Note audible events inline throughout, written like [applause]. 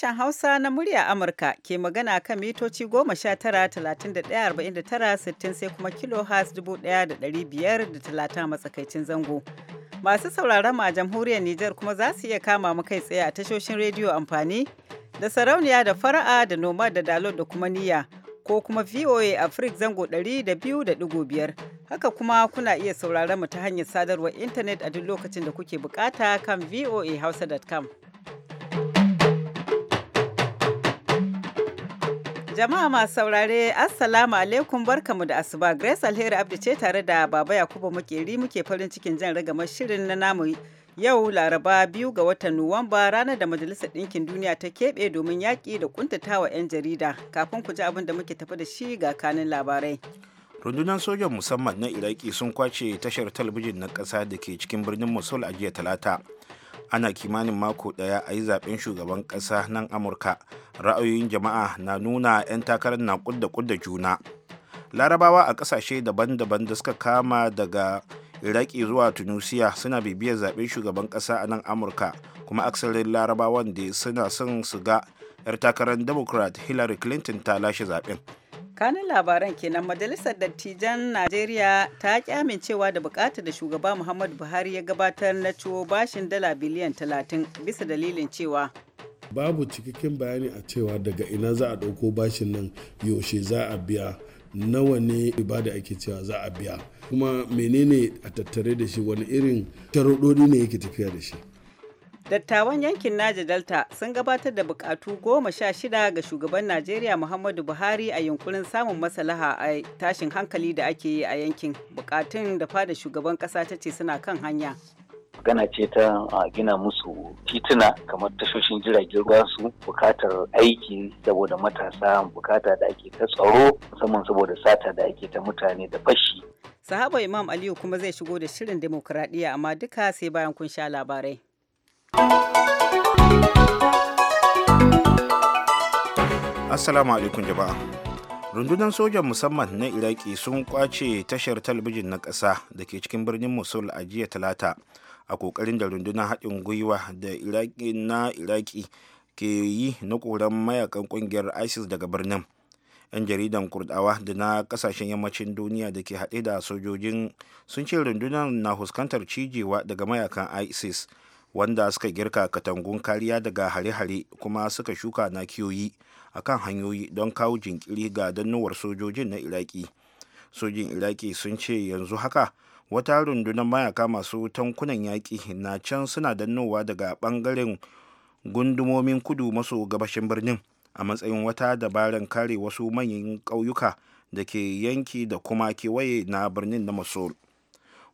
Sashen Hausa na murya Amurka ke magana kan mitoci 19,31,49,60 sai kuma kilohas 1,530 matsakaicin zango. Masu sauraron a jamhuriyar Nijar kuma za su iya kama mu kai tsaye a tashoshin rediyo amfani da sarauniya da fara'a da noma da dalo da kuma niyya ko kuma VOA Africa zango 200.5. Haka kuma kuna iya sauraron mu ta hanyar sadarwar intanet a duk lokacin da kuke bukata kan voahausa.com. Jama'a masu saurare, Assalamu alaikum barkamu da asuba. Grace Alheri Abdi ce tare da Baba Yakubu Makeri muke farin cikin jan ragamar shirin na namu yau Laraba biyu ga watan Nuwamba ranar da Majalisar Ɗinkin Duniya ta keɓe domin yaƙi da kuntatawa 'yan jarida. Kafin ku ji abin da muke tafi da shi ga kanin labarai. rundunar sojan musamman na iraki sun kwace tashar talabijin na ƙasa da ke cikin birnin mosul a jiya talata ana kimanin mako daya a yi zaben shugaban ƙasa nan amurka ra'ayoyin jama'a na nuna 'yan takarar na kudda kudda juna larabawa a ƙasashe daban-daban da suka kama daga iraki zuwa tunisia suna bibiyar zaben shugaban ƙasa a nan amurka kuma aksarin larabawan da suna son su ga 'yar takarar democrat hillary clinton ta lashe zaben kanin labaran kenan majalisar dattijan najeriya ta ki amincewa da bukatar da shugaba muhammadu buhari ya gabatar na ciwo bashin dala biliyan 30 bisa dalilin cewa babu cikakken bayani a cewa daga ina za a ɗauko bashin nan yaushe za a biya nawa ne ibada ake cewa za a biya kuma menene a tattare da shi wani irin tarododi ne yake tafiya da shi Dattawan yankin Naja Delta sun gabatar da bukatu goma sha shida ga shugaban Najeriya Muhammadu Buhari a yunkurin samun maslaha a tashin hankali da ake yi a yankin. Bukatun da fada shugaban kasa ta ce suna kan hanya. Magana ce ta gina musu tituna kamar tashoshin jiragen ruwa su bukatar aiki saboda matasa bukata da ake ta tsaro musamman saboda sata da ake ta mutane da fashi. Sahaba Imam Aliyu kuma zai shigo da shirin demokuraɗiyya amma duka sai bayan kun sha labarai. Assalamu alaikum jama'a. Rundunar sojan musamman na Iraki sun kwace tashar talabijin na ƙasa da ke cikin birnin Mosul a jiya talata a kokarin da rundunar haɗin gwiwa da Iraki na Iraki ke yi na ƙoran mayakan ƙungiyar ISIS daga birnin. 'Yan jaridan Kurdawa da na ƙasashen yammacin duniya da ke haɗe da sojojin sun ce rundunar na fuskantar cijewa daga mayakan ISIS. wanda suka girka katangun kariya daga hare-hare kuma suka shuka na kiyoyi a kan hanyoyi don kawo jinkiri ga dannuwar sojojin na iraki sojin iraki sun ce yanzu haka wata rundunar mayaka masu tankunan yaƙi na can suna dannowa daga ɓangaren gundumomin kudu maso gabashin birnin a matsayin wata dabarar kare wasu manyan ƙauyuka da ke yanki da kuma kewaye na birnin na masoro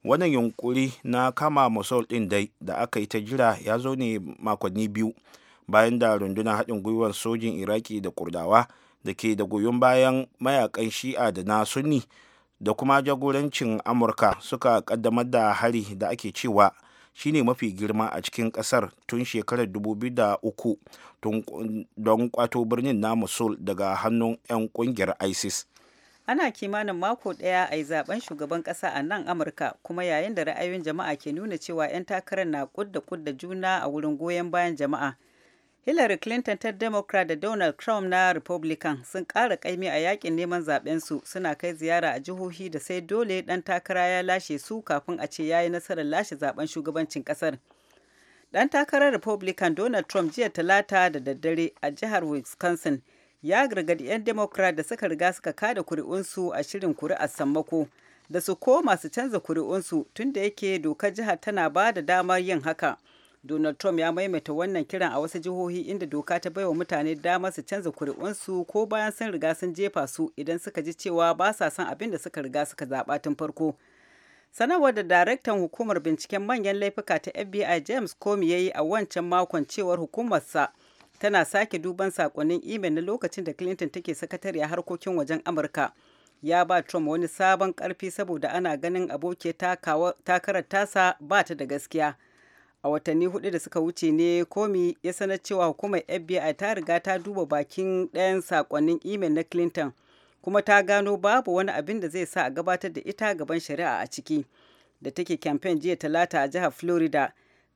wannan yunkuri na kama mosul ɗin dai da aka yi ta jira ya zo ne makonni biyu bayan da rundunar haɗin gwiwar sojin iraki da kurdawa da ke da goyon bayan mayakan shi'a da na sunni da kuma jagorancin amurka suka kaddamar da hari da ake cewa shine mafi girma a cikin kasar tun shekarar 2003 don kwato birnin na mosul daga hannun 'yan kungiyar isis ana kimanin mako daya a yi zaben shugaban kasa a nan amurka kuma yayin da ra'ayoyin jama'a ke nuna cewa 'yan takarar na kudda kudda juna a wurin goyon bayan jama'a hillary clinton ta democrat da donald trump na republican sun ƙara kaimi a yakin neman su suna kai ziyara a jihohi da sai dole dan takara ya lashe su kafin a ce ya yi nasarar lashe zaben shugabancin kasar dan takarar republican donald trump jiya talata da daddare a jihar wisconsin ya gargadi 'yan democrat da suka riga suka kada kuri'unsu a shirin kuri'ar sammako da su koma su canza kuri'unsu tun da yake dokar jihar tana ba da damar yin haka donald trump ya maimaita wannan kiran a wasu jihohi inda doka ta baiwa mutane damar su canza kuri'unsu ko bayan sun riga sun jefa su idan suka ji cewa ba sa son abin da suka riga suka zaɓa tun farko sanarwar da daraktan hukumar binciken manyan laifuka ta fbi james comey ya yi a wancan makon cewar hukumarsa tana sake duban sakonnin imel na lokacin da clinton take sakatariya harkokin wajen amurka ya ba trump wani sabon karfi saboda ana ganin aboki takarar tasa ba ta da gaskiya a watanni hudu da suka wuce ne komi ya sanar cewa hukumar fbi ta riga ta duba bakin ɗayan sakonnin imel na clinton kuma ta gano babu wani abin da zai sa a gabatar da ita gaban shari'a a ciki da take kamfen jiya talata a jihar florida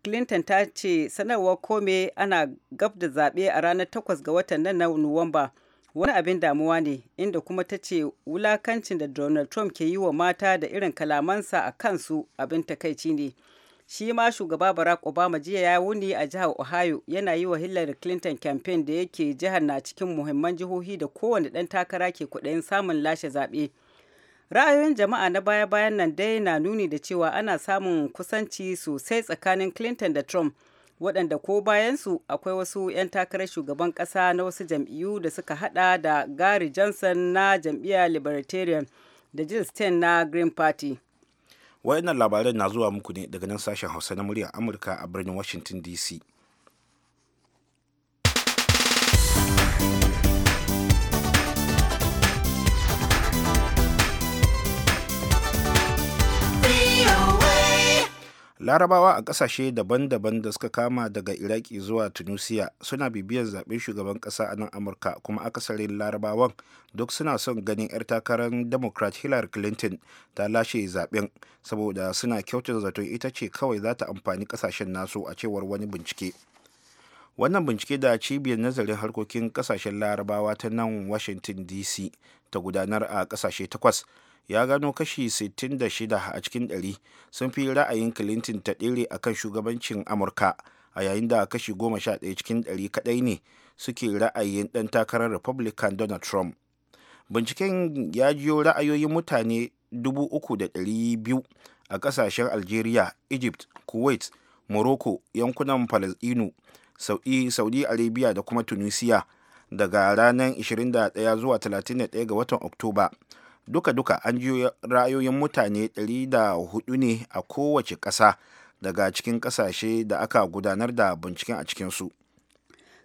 Clinton ta ce sanarwar kome ana gab da zaɓe a ranar 8 ga watan nan na Nuwamba wani abin damuwa ne inda kuma ta ce wulakancin da Donald Trump ke yi wa mata da irin kalamansa a kansu abin takaici ne. Shi ma shugaba Barack Obama jiya ya wuni a jihar Ohio yana yi wa Hillary Clinton campaign da yake jihar na cikin muhimman jihohi da kowane ɗan takara ke kudayin samun lashe zaɓe. Ra'ayoyin jama'a na baya-bayan nan dai na nuni da cewa ana samun kusanci sosai tsakanin Clinton da Trump, waɗanda ko bayansu akwai wasu 'yan takarar shugaban ƙasa na wasu jam'iyyu da suka hada da Gary Johnson na jam'iyyar Libertarian da Jill Stein na Green Party. Waɗannan labaran na zuwa muku ne daga nan sashen Hausa na muryar Amurka a birnin Washington DC. larabawa a kasashe daban-daban da suka kama daga iraki zuwa tunisia suna bibiyar zaɓen shugaban ƙasa a nan amurka kuma akasarin larabawan duk suna son ganin 'yar takarar democrat hillary clinton ta lashe zaɓen saboda suna kyautar zato ita ce kawai za ta amfani ƙasashen nasu a cewar wani bincike wannan bincike da cibiyar nazarin harkokin ƙasashen larabawa ta nan washington dc ta gudanar a ƙasashe takwas ya gano kashi 66 a cikin 100 sun fi ra'ayin clinton ta ɗere a kan shugabancin amurka a yayin da kashi 11 cikin 100 kadai ne suke ra'ayin ɗan takarar republican donald trump binciken ya jiyo ra'ayoyin mutane 3,200 a ƙasashen algeria egypt kuwait morocco yankunan palestino saudi arabia da kuma tunisia daga ranar 21 zuwa 31 ga watan oktoba duka-duka an ji ra'ayoyin mutane 104 ne a kowace ƙasa daga cikin ƙasashe da aka gudanar da binciken a cikinsu.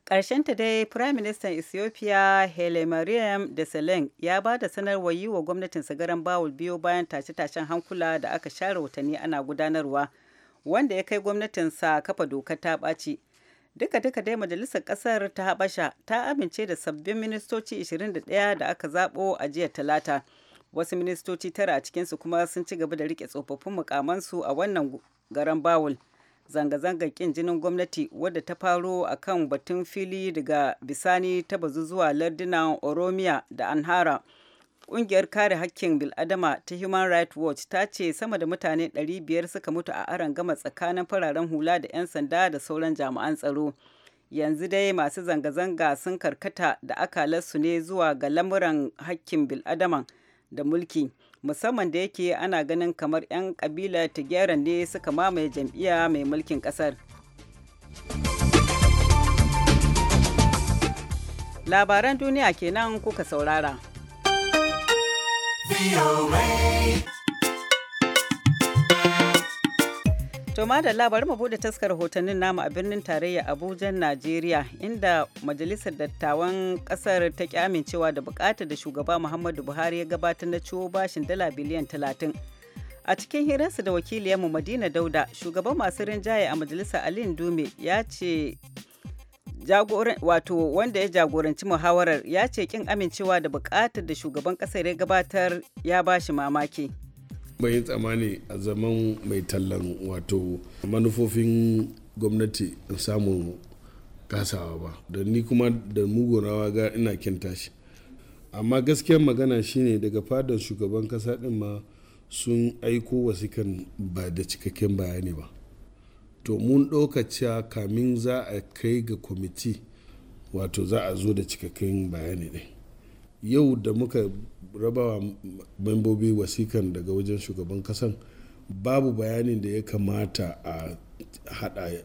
ta dai Prime Minister Ethiopia Hele Mariam selen ya ba da sanarwar yi wa gwamnatin garan bawul biyo bayan tashe-tashen hankula da aka share watanni ana gudanarwa wanda ya kai gwamnatin sa kafa dokar ta ɓaci. Duka-duka dai Majalisar Ƙasar ta Habasha ta amince da sabbin ministoci 21 da aka zaɓo a jiya Talata. wasu ministoci tara a cikinsu kuma sun ci gaba da rike tsofaffin mukamansu a wannan garan bawul zanga-zangar kin jinin gwamnati wadda ta faro a kan batun fili daga bisani ta bazu zuwa lardunan oromia da anhara ƙungiyar kare hakkin biladama ta human rights watch ta ce sama da mutane 500 suka mutu a aron gama tsakanin fararen hula da 'yan sanda da sauran jami'an tsaro yanzu dai masu zanga-zanga sun karkata da akalarsu ne zuwa ga lamuran hakkin biladaman da mulki musamman da yake ana ganin kamar 'yan kabila gyaran ne suka mamaye jam'iyya mai mulkin kasar labaran duniya kenan kuka saurara. To da labarin mu bude taskar rahotannin namu a birnin tarayya Abuja, Najeriya, inda Majalisar Dattawan kasar ta ki amincewa da bukatar da shugaba Muhammadu Buhari ya gabatar na ciwo bashin dala biliyan 30. A cikin hirarsa da wakiliyarmu Madina Dauda, shugaban masu rinjaye a Majalisar Alin Dume ya ce wato wanda ya jagoranci muhawarar ya ce kin amincewa da bukatar da shugaban kasar ya gabatar ya bashi mamaki. mai tsammani a zaman mai tallan wato manufofin gwamnati in samu kasawa ba da ni kuma da mugun rawa ga ina kinta shi amma gaskiya magana shine daga fadar shugaban kasa din ma sun aiko wasikan ba da cikakken bayani ba to mun cewa kamin za a kai ga kwamiti wato za a zo da cikakken bayani ne yau da muka rabawa membobi wasikan daga wajen shugaban kasan babu bayanin da ya kamata a hada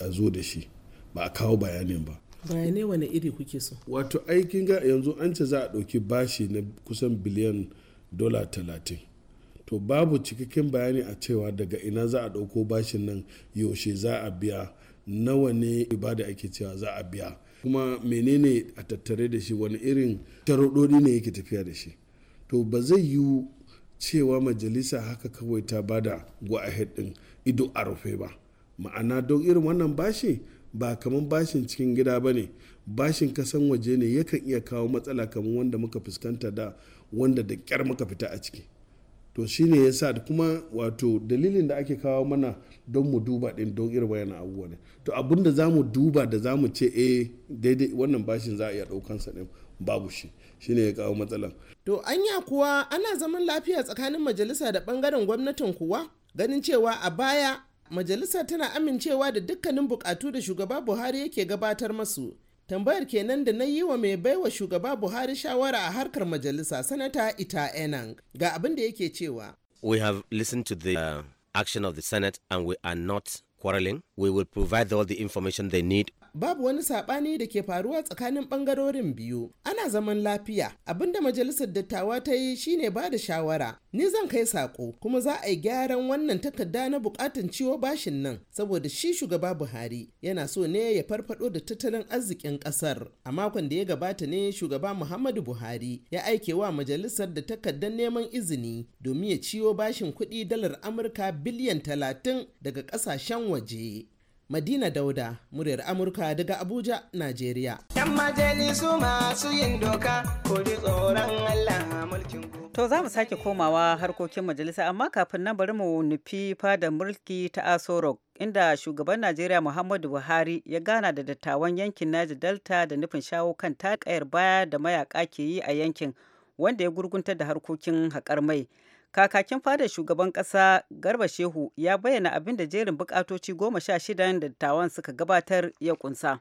a zo da shi ba a kawo bayanin ba bayanai wani iri kuke so wato aikin ga yanzu an ce za a ɗauki bashi na kusan biliyan dola talatin to babu cikakken bayani a cewa daga ina za a ɗauko bashin nan yaushe za a biya nawa ne ibada ake cewa za a biya kuma menene a tattare da shi wani irin sharuɗoɗi ne yake tafiya da shi to ba zai yiwu cewa majalisa haka kawai ta bada da ahead din ido a rufe ba ma'ana don irin wannan bashi ba kamar bashin cikin gida ba ne bashin kasan waje ne yakan iya kawo matsala kamar wanda muka fuskanta da wanda da kyar muka fita a ciki to shine ya sa kuma wato dalilin da ake kawo mana don mu duba din don irin wayan abubuwa ne to abin da za mu duba da za mu ce eh daidai wannan bashin za a iya ɗaukansa ɗin babu shi shine ya kawo matsalan to anya kuwa ana zaman lafiya tsakanin majalisa da bangaren gwamnatin kuwa ganin cewa a baya majalisa tana amincewa da dukkanin bukatu da shugaba buhari yake gabatar masu tambayar kenan da na yi wa mai baiwa shugaba buhari shawara a harkar majalisa sanata ita enang ga abin da yake cewa we have listened to the uh, action of the senate and we are not quarreling we will provide all the information they need babu wani saɓani da ke faruwa tsakanin ɓangarorin biyu. Ana zaman lafiya. Abinda majalisar dattawa ta yi shine ba da shawara. Ni zan kai sako. kuma za a yi gyaran wannan takarda na buƙatan ciwo bashin nan saboda shi shugaba Buhari yana so ne ya farfado da tattalin arzikin ƙasar. A makon da ya gabata ne shugaba Muhammadu Buhari ya aike wa majalisar da takardar neman izini domin ya ciwo bashin kuɗi dalar Amurka biliyan talatin daga ƙasashen waje. Madina Dauda, muryar Amurka daga Abuja, Najeriya. Yan majalisu masu yin doka, ku ji tsoron Allah mulkin ku. To za mu sake komawa harkokin majalisa amma kafin nan bari mu nufi fada mulki ta Aso inda shugaban Najeriya Muhammadu Buhari ya gana da dattawan yankin Niger Delta da nufin shawo kan takayar baya da mayaka ke yi a yankin wanda ya gurgunta da harkokin haƙar mai. Kakakin fadar shugaban ƙasa Garba Shehu ya bayyana abin da jerin bukatoci goma sha shidan da dattawan suka gabatar ya kunsa.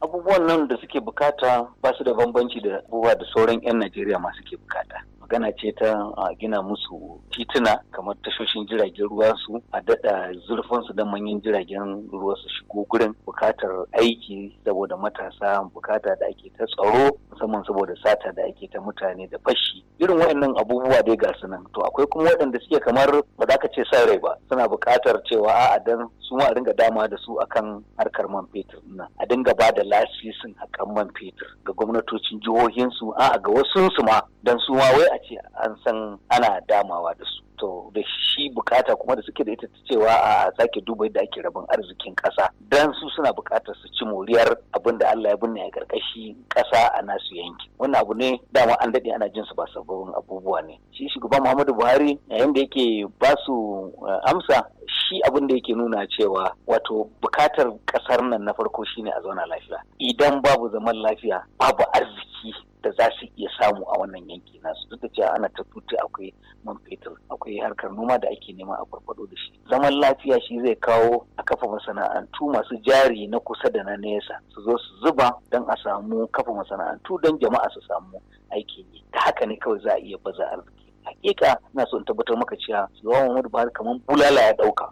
Abubuwan nan da suke bukata ba su da bambanci da abubuwa da sauran 'yan Najeriya masu ke bukata. magana ce ta gina musu tituna kamar tashoshin jiragen ruwa su a daɗa zurfin su da manyan jiragen ruwa su shigo gurin bukatar aiki saboda matasa bukata da ake ta tsaro musamman saboda sata da ake ta mutane da fashi irin waɗannan abubuwa dai ga su nan to akwai kuma waɗanda suke kamar ba za ka ce sa rai ba suna bukatar cewa a'a dan su ma a dinga dama da su akan harkar man fetur nan a dinga ba da lasisin kan man fetur ga gwamnatocin jihohinsu a'a ga wasu su ma dan su ma wai a ce an san ana damawa da su to da shi bukata kuma da suke da ita ta cewa a sake duba yadda ake rabin arzikin kasa dan su suna bukatar su ci moriyar abin da Allah ya binne a karkashi kasa a nasu yanki wannan abu ne dama an dade ana jin su ba sababbin abubuwa ne shi shugaban Muhammadu Buhari yayin da yake ba su eh, amsa shi abin da yake nuna cewa wato bukatar kasar nan na farko shine a zauna lafiya idan babu zaman lafiya babu arziki da za su iya samu a wannan yanki nasu duk da cewa ana ta akwai man fetur akwai akwai harkar noma da ake nema a farfado da shi zaman lafiya shi zai kawo a kafa masana'antu masu jari na kusa da na nesa su zo su zuba don a samu kafa masana'antu don jama'a su samu aikin yi ta haka ne kawai za a iya baza arziki hakika ina so in tabbatar maka cewa shugaban Muhammadu Buhari kamar bulala ya dauka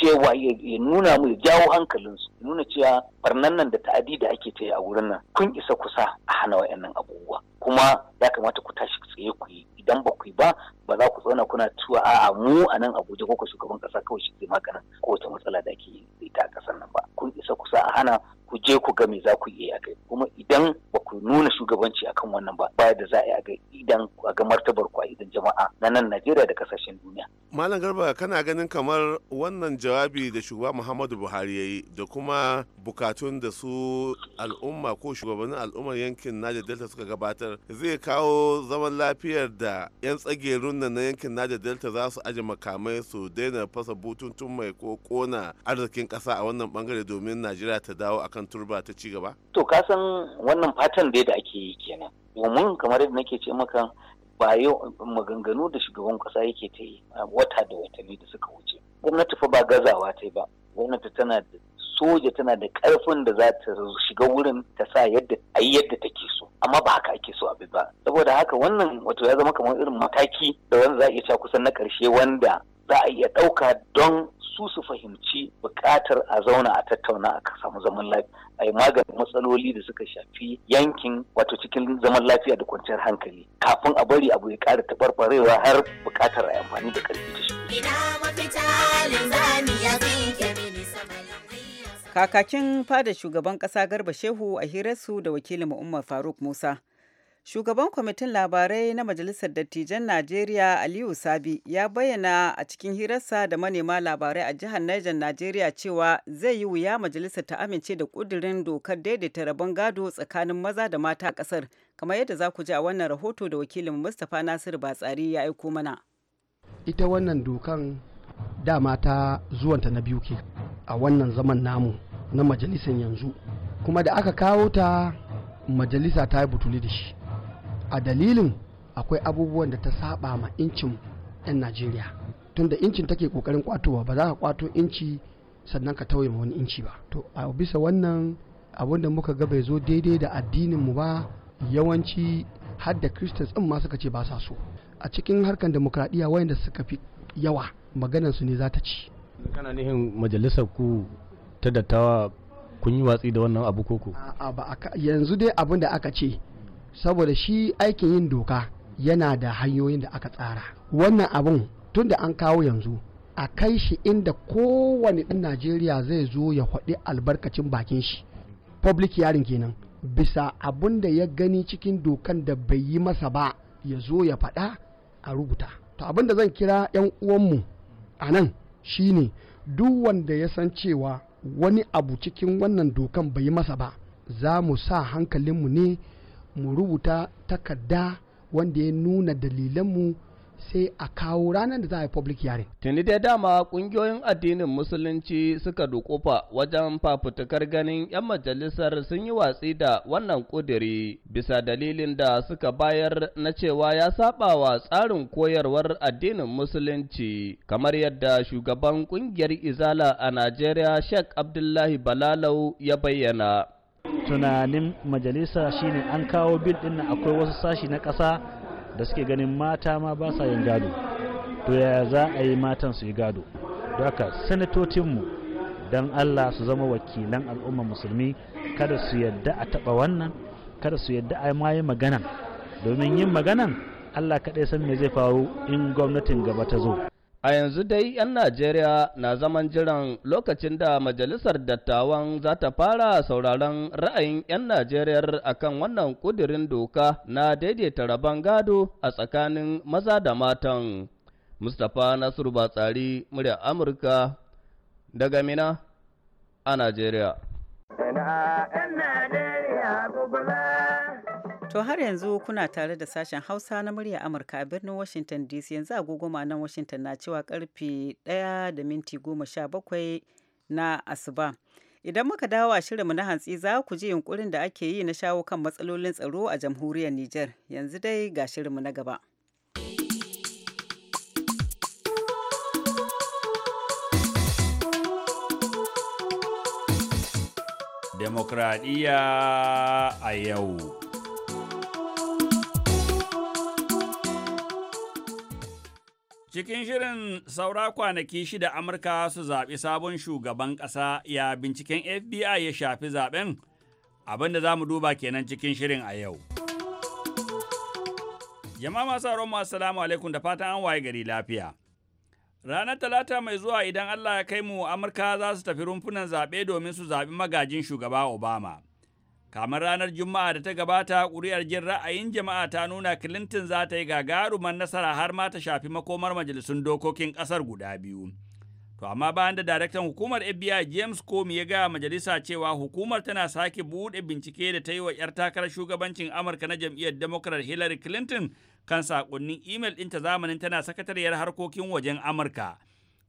cewa ya nuna mu ya jawo hankalinsu ya nuna cewa barnan nan da ta'adi da ake ta yi a wurin nan kun isa kusa a hana wayannan abubuwa kuma ya kamata ku tashi tsaye ku yi idan ba ku yi ba zauna kuna tuwa a mu a nan Abuja ko shugaban kasa kawai shi zai maganin kowace matsala da ake yi ta kasar nan ba kun isa kusa a hana ku je ku ga me za ku iya kai kuma idan ba ku nuna shugabanci akan wannan ba ba da za a yi a ga idan a ga martabar ku a idan jama'a na nan Najeriya da kasashen duniya malam garba kana ganin kamar wannan jawabi da shugaba muhammadu buhari ya yi da kuma bukatun da su al'umma ko shugabannin al'ummar yankin naja delta suka gabatar zai kawo zaman lafiyar da 'yan tsagerun nan na yankin naja delta za su aje makamai su daina fasa bututun mai ko kona arzikin kasa a wannan bangare domin najeriya ta dawo akan turba ta ci gaba to kasan wannan fatan da ake yi kenan domin kamar yadda nake ce maka ba yau maganganu da shugaban kasa yake ta yi wata da watanni da suka wuce gwamnati fa ba gazawa ta yi ba gwamnati tana da soja tana da karfin da za ta shiga wurin ta sa yadda a yi yadda take so amma ba haka ake so a ba saboda haka wannan wato ya zama kamar irin mataki da wanda za a iya sha kusan na karshe wanda za a iya ɗauka don su su fahimci buƙatar a zauna a tattauna a samu zaman lafiya a yi maganin matsaloli da suka shafi yankin wato cikin zaman lafiya da kwanciyar hankali kafin a bari abu ya ƙara taɓarɓarewa har buƙatar a amfani da ƙarfi ta Kakakin fada shugaban ƙasa Garba Shehu a hirarsu da wakilin Umar Faruk Musa. Shugaban kwamitin labarai na Majalisar Dattijan Najeriya Aliyu Sabi ya bayyana a cikin hirarsa da manema labarai a jihar Niger Najeriya cewa zai yi wuya majalisar ta amince da kudirin dokar daidaita rabon gado tsakanin maza da mata a kasar kamar yadda za ku ji a wannan rahoto da wakilin Mustapha Nasir Batsari ya aiko mana. Ita wannan dokan dama ta zuwanta na biyu ke a wannan zaman namu na majalisar yanzu kuma da aka kawo ta majalisa ta yi butuli da shi a dalilin akwai abubuwan da ta saba ma incin 'yan najeriya tunda incin take kokarin kwatowa ba za ka kwato inci sannan ka tauye ma wani inci ba to a bisa wannan abin da muka ga bai zo daidai da addinin mu ba yawanci har da christians din ma suka ce ba sa so a cikin harkar demokradiyya wayanda suka fi yawa maganar su ne za ta ci kana nihin majalisar ku ta dattawa kun yi watsi da wannan abu koko a ba yanzu dai abin da aka ce saboda shi aikin yin doka yana da hanyoyin da aka tsara wannan abun tun da an kawo yanzu a kai shi inda kowane ɗan najeriya zai zo ya faɗi albarkacin bakin shi public yarin kenan bisa abun da ya gani cikin dokan da bai yi masa ba ya zo ya faɗa a rubuta to abin da zan kira 'yan uwanmu a nan shine duk wanda ya san cewa wani abu cikin wannan dokan bai yi masa ba za mu sa hankalinmu ne mu rubuta takarda wanda ya nuna dalilanmu sai a kawo ranar da za a yi public hearing. Tuni dai dama kungiyoyin addinin musulunci suka dukufa wajen fafutukar ganin 'yan majalisar sun yi watsi da wannan kudiri bisa dalilin da suka bayar na cewa ya saba wa tsarin koyarwar addinin musulunci kamar yadda shugaban kungiyar izala a Najeriya Sheikh Abdullahi Balalau ya bayyana. tunanin majalisa shine an kawo bil din akwai wasu sashi na ƙasa da suke ganin mata ma ba sa yin gado to ya za a yi matan su yi gado don haka sanatocinmu don allah su zama wakilan al'ummar musulmi kada su yadda a taɓa wannan kada su yadda a ma yi maganan domin yin maganan allah kaɗai san me zai faru in gwamnatin gaba ta zo A yanzu dai 'yan Najeriya na zaman jiran lokacin da Majalisar Dattawan za ta fara sauraron ra'ayin 'yan Najeriya akan wannan kudirin doka na daidaita rabon gado a tsakanin maza da matan. Mustapha Nasiru Batsari, murya Amurka, daga Mina a Najeriya. To har yanzu kuna tare da sashen Hausa na murya Amurka a birnin Washington DC yanzu agogoma nan Washington na cewa karfe 1 da minti 17 na asuba. Idan muka dawo a shirinmu na hantsi za ku ji yunkurin da ake yi na shawo kan matsalolin tsaro a jamhuriyar Nijar. Yanzu dai ga shirinmu na gaba. Demokradiyya a yau. Cikin shirin saura kwanaki shida Amurka su zaɓi sabon shugaban ƙasa ya binciken FBI ya shafi zaɓen abin da za mu duba kenan cikin shirin a yau. Jama'a masu sauran masu salamu alaikum da fatan an waye gari lafiya. Ranar Talata mai zuwa idan Allah ya kai mu Amurka za su tafi rumfunan zaɓe domin su zaɓi magajin shugaba Obama. Kamar ranar Juma'a da ta gabata, ƙuri'ar jin ra'ayin jama'a ta nuna Clinton za ta yi gagarumar nasara har ma ta shafi makomar majalisun dokokin ƙasar guda biyu. To amma bayan da daraktan hukumar FBI James Comey ya gaya majalisa cewa hukumar tana sake buɗe bincike da ta yi wa 'yar takarar shugabancin Amurka na jam'iyyar Democrat Hillary Clinton kan sakonnin imel ɗinta zamanin tana sakatariyar harkokin wajen Amurka.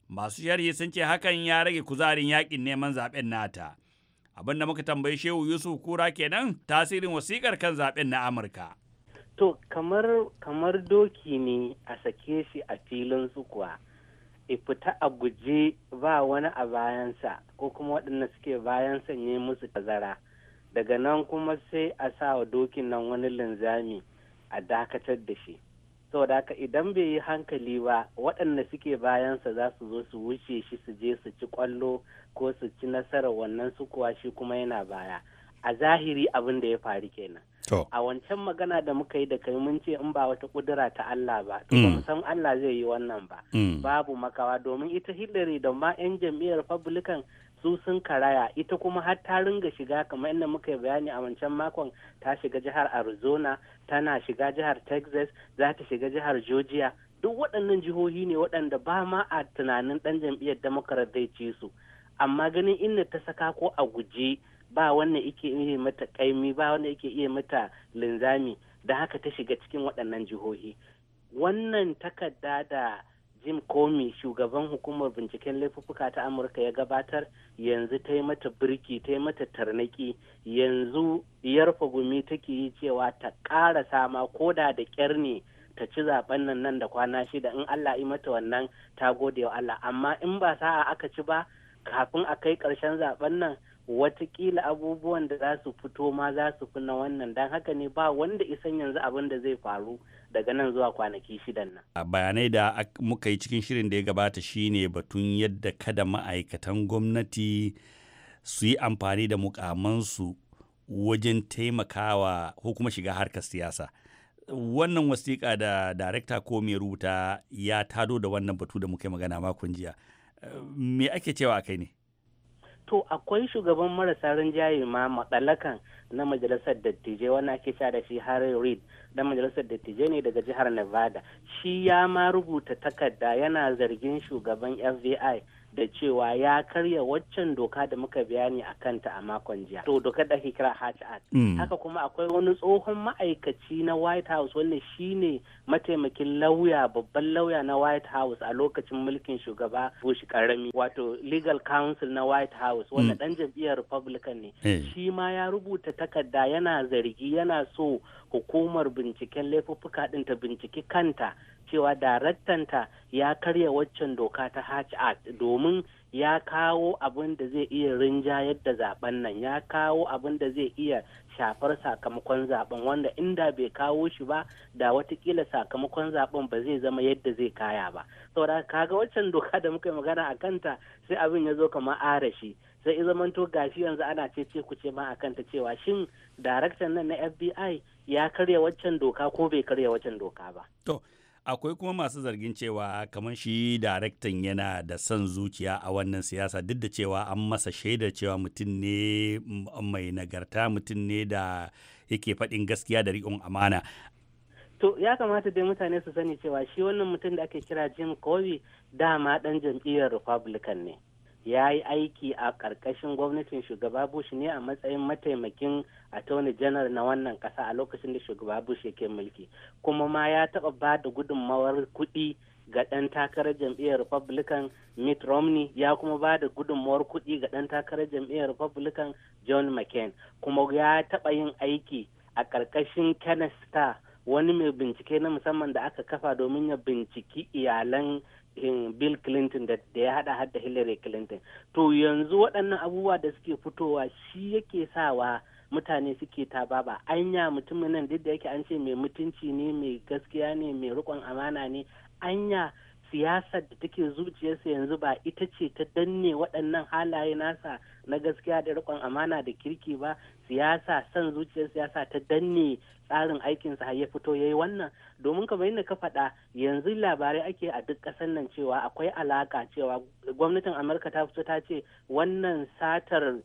Masu sharhi sun ce hakan ya rage kuzarin yakin neman zaɓen nata. abin da muka tambayi shehu yusuf kura kenan tasirin wasikar kan zaben na amurka to kamar kamar doki ne a sake shi a filin tsukuwa e fita a guje ba wani a bayansa ko kuma waɗanda suke bayansa ne musu tazara daga nan kuma sai a sa wa dokin nan wani linzami a dakatar da shi saboda haka idan bai yi hankali ba waɗanda suke bayansa za su zo su wuce shi su je su ci ƙwallo ko su ci nasarar wannan sukuwa shi kuma yana baya a zahiri abin da ya faru kenan a wancan magana da muka yi da kai mun ce in ba wata kudura ta Allah ba to mm. mu san Allah zai yi wannan ba mm. babu makawa domin ita Hillary da ma 'yan jam'iyyar Republican su sun karaya ita kuma har ta ringa shiga kamar yadda muka bayani a wancan makon ta shiga jihar arizona tana shiga jihar texas za ta shiga jihar georgia duk waɗannan jihohi ne waɗanda ba ma a tunanin ɗan jam'iyyar democrat zai ci su amma ganin inda ta saka ko a guje ba wanda yake iya mata kaimi ba wanda yake iya mata linzami da haka ta shiga cikin waɗannan jihohi wannan takarda da jim comey shugaban hukumar binciken laifuka ta amurka ya gabatar yanzu ta yi mata birki ta yi mata tarnaki yanzu yarfa gumi take yi cewa ta ƙara sama koda da ƙyar ne ta ci zaben nan nan da kwana shida in allah yi mata wannan ta gode wa allah amma in ba sa'a aka ci ba kafin a kai ƙarshen zaben nan watakila abubuwan da za su fito ma za su fi na wannan don haka ne ba wanda isan yanzu abin da zai faru daga nan zuwa kwanaki shidan nan. A bayanai da muka yi cikin shirin da ya gabata shine batun yadda kada ma'aikatan gwamnati su yi amfani da mukamansu wajen taimakawa ko kuma shiga harkar siyasa. Wannan wasiƙa da darekta ko mai rubuta ya tado da wannan batu da muka yi magana makon jiya. Eh, me ake cewa a kai ne? to akwai shugaban marasa rinjaye ma matsalakan na majalisar dattijai wani ake sha da shi Harry Reid na majalisar dattijai ne daga jihar Nevada shi ya ma rubuta takarda yana zargin shugaban FBI da cewa ya karya waccan doka da muka bayani a kanta a makon jiya to doka da ake kira hatch act mm. haka kuma akwai wani tsohon ma'aikaci na white house wanda shine mataimakin lauya babban lauya na white house a lokacin mulkin shugaba bush karami wato legal counsel na white house wanda dan mm. jam'iyyar republican ne eh. shi ma ya rubuta takarda yana zargi yana so hukumar binciken laifuffuka din ta binciki kanta cewa daraktanta ya karya waccan doka ta hatch act domin ya kawo abin da zai iya rinja yadda zaben nan ya kawo abin da zai iya shafar sakamakon zaben wanda inda bai kawo shi ba da watakila sakamakon zaben ba zai zama yadda zai kaya ba saboda kaga waccan [laughs] doka da muka yi magana a kanta sai abin ya zo kama arashi sai zaman zamanto gashi yanzu ana ce ce ku ce ma a kanta cewa shin daraktan nan na FBI ya karya waccan doka ko bai karya waccan doka ba. akwai kuma masu zargin cewa kamar shi daraktan yana da son zuciya a wannan siyasa duk da cewa an masa shaida cewa mutum ne mai nagarta mutum ne da yake faɗin gaskiya da riƙon amana to ya kamata dai mutane su sani cewa shi wannan mutum da ake kira jim Corbey dama ɗan jam'iyyar republican ne ya yi aiki a ƙarƙashin gwamnatin shugaba bush ne a matsayin mataimakin attorney janar na wannan ƙasa a lokacin da shugaba bush yake mulki kuma ma ya taɓa ba da gudunmawar kuɗi ga ɗan takarar jam'iyyar republican mitt romney ya kuma ba da gudunmawar kuɗi ga ɗan takarar jam'iyyar republican john mccain kuma ya taɓa yin aiki a ƙarƙashin kenneth star wani mai bincike na musamman da aka kafa domin ya binciki iyalan Bill Clinton da ya hada har da Hillary Clinton. To yanzu waɗannan abubuwa da suke fitowa shi yake sawa mutane suke ta baba anya mutumin nan duk da yake an ce mai mutunci ne mai gaskiya ne mai rikon amana ne anya siyasar da take zuciyarsa yanzu ba ita ce ta danne waɗannan halaye nasa na gaskiya da rikon amana da kirki ba siyasa son zuciyar siyasa ta danne tsarin aikinsa har ya fito ya yi wannan domin kamar yadda ka faɗa yanzu labarai ake a duk ƙasar nan cewa akwai alaka cewa gwamnatin amurka ta fito ta ce wannan satar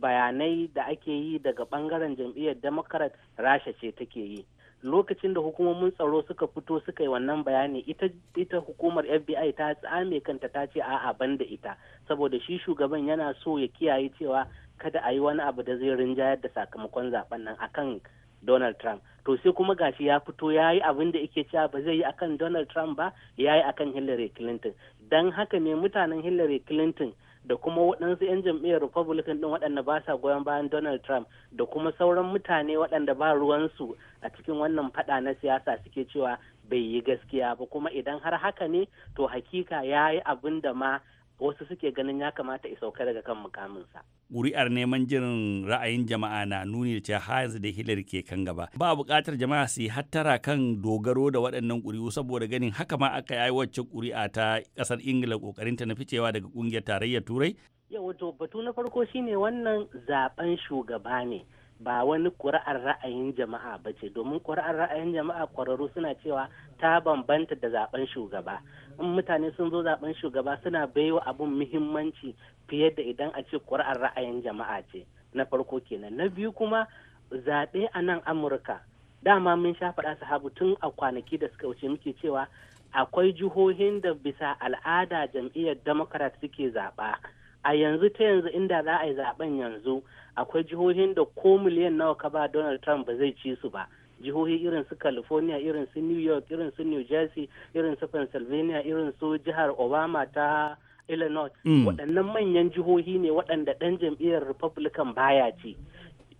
bayanai da ake yi daga ɓangaren jam'iyyar democrat rasha ce take yi lokacin da hukumomin tsaro suka fito suka yi wannan bayani ita ita hukumar FBI ta tsame kanta ta ce a'a ban da ita saboda shi shugaban yana so ya kiyaye cewa kada a yi wani abu da zai rinjayar da sakamakon zaben nan akan Donald Trump. To sai kuma gashi ya fito ya yi abin da yake cewa ba zai yi akan Donald Trump ba ya yi akan Hillary Clinton. dan haka ne mutanen Hillary Clinton da kuma waɗansu 'yan jam'iyyar Republican ɗin waɗanda ba sa goyon bayan Donald Trump da kuma sauran mutane waɗanda ba ruwansu a cikin wannan faɗa na siyasa suke cewa bai yi gaskiya ba kuma idan har haka ne to hakika ya yi abin da ma wasu suke ganin ya kamata sauka daga kan mukaminsa. Ƙuri'ar neman jirin ra'ayin jama'a na nuni da cewa har da hilar ke kan gaba. Ba buƙatar jama'a su yi hattara kan dogaro da waɗannan ƙuri'u saboda ganin haka ma aka yi wacce ƙuri'a ta ƙasar Ingila ta na ficewa daga ƙungiyar tarayyar Turai. Yau wato batu na farko shine wannan zaben shugaba ne. ba wani ƙuri'ar ra'ayin jama'a ba ce domin ƙuri'ar ra'ayin jama'a ƙwararru suna cewa ta bambanta da zaben shugaba in mutane sun zo zaben shugaba suna baiwa abun muhimmanci fiye da idan a ce ƙuri'ar ra'ayin jama'a ce na farko kenan na biyu kuma zaɓe a nan amurka dama mun sha faɗa sahabu tun a kwanaki da suka wuce muke cewa akwai jihohin da bisa al'ada jam'iyyar democrat suke zaɓa a yanzu ta yanzu inda za a yi zaben yanzu akwai jihohin da ko miliyan nawa ka ba donald trump ba zai ci su ba jihohi irin su california irin su new york irin su new jersey irin su pennsylvania irin su jihar obama ta illinois mm. waɗannan manyan jihohi ne waɗanda ɗan jam'iyyar republican baya ci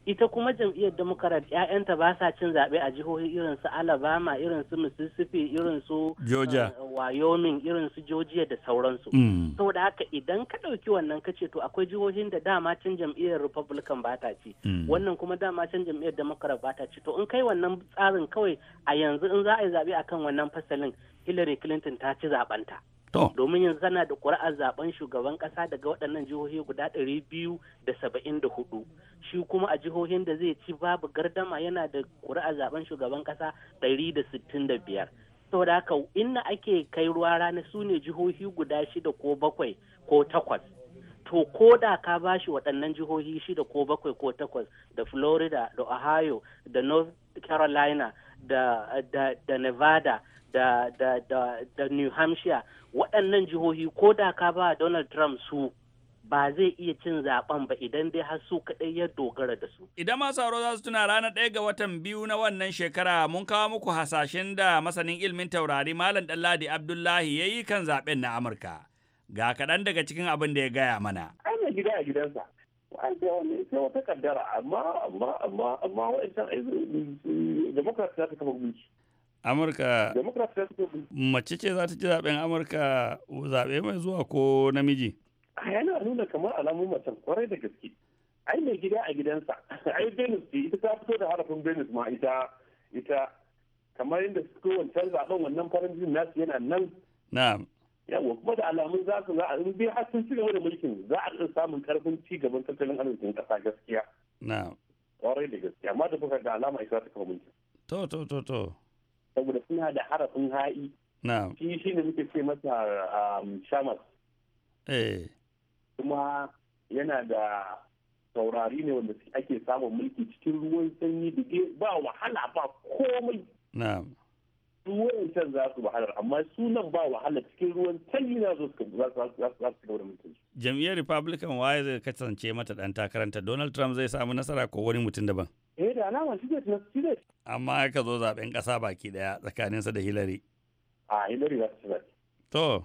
ita kuma jam'iyyar democrat 'ya'yanta ba sa cin zaɓe a jihohi irin su alabama irin su mississippi irin su georgia eh, wyoming irin su georgia da sauransu mm. saboda haka idan ka ɗauki wannan kace to akwai jihohin da dama can jam'iyyar republican ba ta ci mm. wannan kuma dama cin jam'iyyar democrat ba ta ci to in kai wannan tsarin kawai a yanzu in za a yi zaɓe akan wannan fasalin hillary clinton ta ci zaɓanta domin yanzu tana da ƙuri'ar zaben shugaban ƙasa daga waɗannan jihohi guda ɗari biyu da saba'in da hudu shi kuma a jihohin da zai ci babu gardama yana da ƙuri'ar zaben shugaban ƙasa ɗari da sittin da biyar saboda haka inna ake kai ruwa rana su ne jihohi guda shida ko bakwai ko takwas to ko da ka ba shi waɗannan jihohi shida ko bakwai ko takwas da florida da ohio da north carolina da, da nevada da, da, da, da New Hampshire waɗannan jihohi ko da ka ba Donald Trump su ba zai iya cin zaben ba idan dai har su kaɗai ya dogara da su. Idan masu sauro za su tuna ranar ɗaya ga watan biyu na wannan shekara mun kawo muku hasashen da masanin ilmin taurari Malam Ɗanladi Abdullahi ya yi kan zaben na Amurka. Ga kaɗan daga cikin abin da ya gaya mana. ainihin gida a gidansa. wani wata kaddara amma amma amma amma wa'ancan ta kafa gudu. amurka mace ce za ta ci zaben amurka zaɓe mai zuwa ko namiji a yana nuna kamar alamun macen kwarai da gaske ai mai gida a gidansa [laughs] ai venus ce ita ta fito da harafin venus ma ita ita kamar yadda su wancan zaben wannan farin jin nasu yana nan na'am yawa kuma da alamun za su za a in har sun ci gaba da mulkin za a samun karfin ci gaban tattalin arzikin ƙasa gaskiya na'am kwarai da gaskiya amma da kuka da alama isa ta kawo mulkin to to to to saboda suna da harafin ha'i shi shi ne muke ce masa um, shamas eh. kuma yana da saurari ne wanda ake samun mulki cikin ruwan sanyi dige ba wahala ba komai ruwan can za su wahalar amma sunan ba wahala cikin ruwan sanyi na zo za su ga mutunci jam'iyyar republican waye zai kasance mata dan takaranta donald trump zai samu nasara ko wani mutum daban eh da wani ticket na ticket amma ka zo zaben kasa baki daya tsakaninsa da hillary a hillary za ta to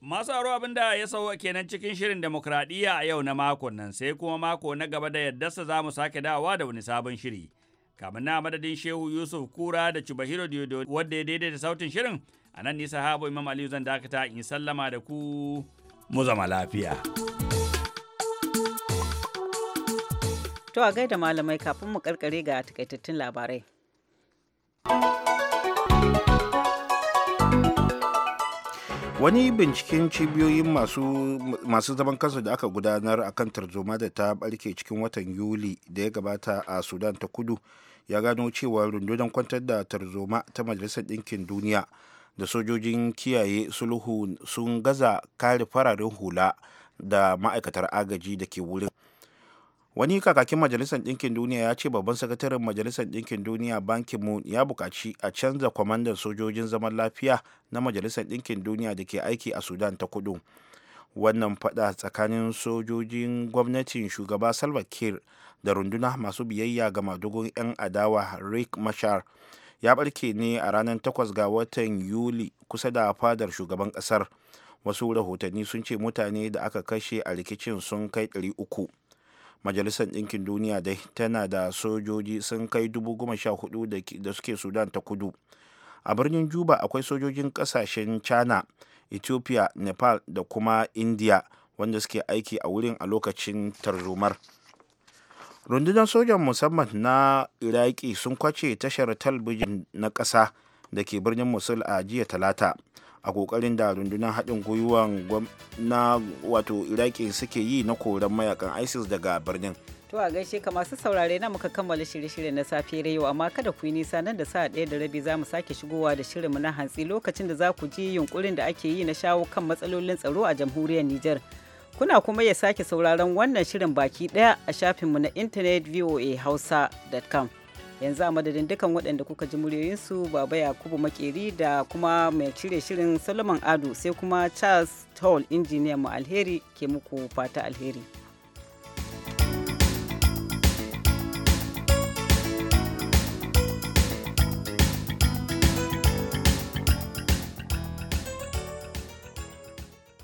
Masu aro abin da ya sauwa kenan cikin shirin demokradiyya a yau na makon nan sai kuma mako na gaba da sa za mu sake dawa da wani sabon shiri. Kamin na madadin Shehu Yusuf Kura da Chubahiro Diodo wadda ya daidaita sautin shirin a nan nisa habo Imam Aliyu zan dakata in sallama da ku mu zama lafiya. To a gaida malamai kafin mu karkare ga takaitattun labarai. Wani binciken cibiyoyin masu, zaman kansu da aka gudanar a kan tarzoma da ta barke cikin watan Yuli da ya gabata a Sudan ta kudu ya gano cewa rundunar kwantar da tarzoma ta Majalisar Ɗinkin Duniya da sojojin kiyaye sulhu sun gaza kare fararen hula da ma'aikatar agaji da ke wurin wani kakakin majalisar ɗinkin duniya ya ce babban sakataren majalisar ɗinkin duniya bankin moon ya buƙaci a canza kwamandan sojojin zaman lafiya na majalisar ɗinkin duniya da ke aiki a sudan ta kudu wannan fada tsakanin sojojin gwamnatin shugaba salva kiir da runduna masu biyayya ga madugun 'yan adawa rick mashar ya barke ne a ranar 8 ga watan yuli kusa da fadar shugaban kasar wasu rahotanni sun ce mutane da aka kashe a rikicin sun kai 300 majalisar ɗinkin duniya dai tana da sojoji sun kai 14,000 da suke sudan ta kudu a birnin juba akwai sojojin kasashen china ethiopia nepal da kuma india wanda suke aiki a wurin a lokacin tarzomar. rundunar sojan musamman na iraki sun kwace tashar talbijin na ƙasa da ke birnin musul a jiya talata a kokarin da rundunar haɗin gwiwa na wato iraki suke yi na koran mayakan isis daga birnin to a gaishe ka masu saurare na muka kammala shirye-shirye na safiyar yau amma kada ku yi nisa nan da sa'a ɗaya da rabi za mu sake shigowa da shirin mu na hantsi lokacin da za ku ji yunkurin da ake yi na shawo kan matsalolin tsaro a jamhuriyar nijar Kuna kuma ya sake sauraron wannan shirin baki ɗaya a shafinmu na intanet voahausa.com. Yanzu a madadin dukan waɗanda kuka ji muryoyinsu Baba Yakubu Makeri da kuma mai cire shirin Solomon Ado sai kuma Charles Toll injiniyan mu alheri ke muku fata alheri.